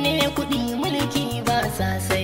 ne kudi mulki ba sa sai